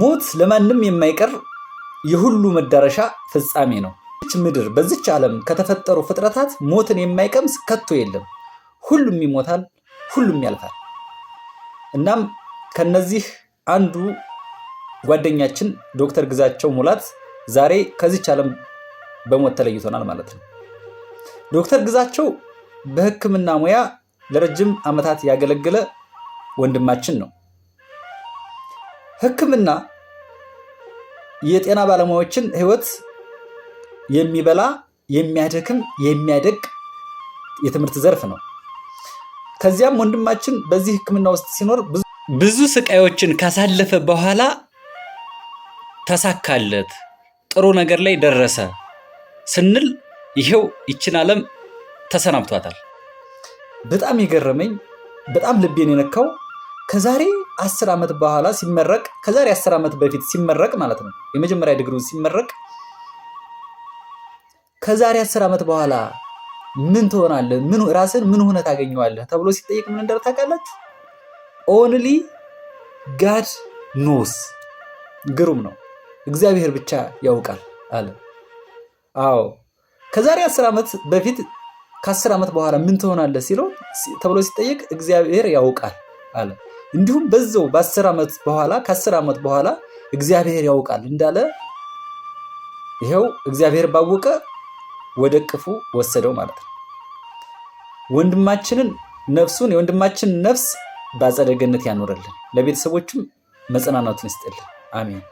ሞት ለማንም የማይቀር የሁሉ መዳረሻ ፍጻሜ ነው። ይች ምድር በዚች ዓለም ከተፈጠሩ ፍጥረታት ሞትን የማይቀምስ ከቶ የለም። ሁሉም ይሞታል፣ ሁሉም ያልፋል። እናም ከነዚህ አንዱ ጓደኛችን ዶክተር ግዛቸው ሙላት ዛሬ ከዚች ዓለም በሞት ተለይቶናል ማለት ነው። ዶክተር ግዛቸው በሕክምና ሙያ ለረጅም ዓመታት ያገለገለ ወንድማችን ነው። ህክምና የጤና ባለሙያዎችን ህይወት የሚበላ የሚያደክም የሚያደቅ የትምህርት ዘርፍ ነው። ከዚያም ወንድማችን በዚህ ህክምና ውስጥ ሲኖር ብዙ ስቃዮችን ካሳለፈ በኋላ ተሳካለት፣ ጥሩ ነገር ላይ ደረሰ ስንል ይሄው ይችን ዓለም ተሰናብቷታል። በጣም የገረመኝ በጣም ልቤን የነካው ከዛሬ አስር ዓመት በኋላ ሲመረቅ ከዛሬ አስር ዓመት በፊት ሲመረቅ ማለት ነው የመጀመሪያ ዲግሪውን ሲመረቅ ከዛሬ አስር ዓመት በኋላ ምን ትሆናለህ? ምን ራስን ምን ሁነት ታገኘዋለህ ተብሎ ሲጠየቅ ምን እንደር ታውቃላችሁ? ኦንሊ ጋድ ኖስ። ግሩም ነው። እግዚአብሔር ብቻ ያውቃል አለ። አዎ ከዛሬ አስር ዓመት በፊት ከአስር ዓመት በኋላ ምን ትሆናለህ ሲለው ተብሎ ሲጠየቅ እግዚአብሔር ያውቃል አለ። እንዲሁም በዛው በአስር ዓመት በኋላ ከአስር ዓመት በኋላ እግዚአብሔር ያውቃል እንዳለ ይኸው እግዚአብሔር ባወቀ ወደ ወሰደው ማለት ነው። ወንድማችንን ነፍሱን የወንድማችንን ነፍስ በአጸደ ገነት ያኖረልን፣ ለቤተሰቦቹም መጽናናቱን ይስጥልን። አሜን።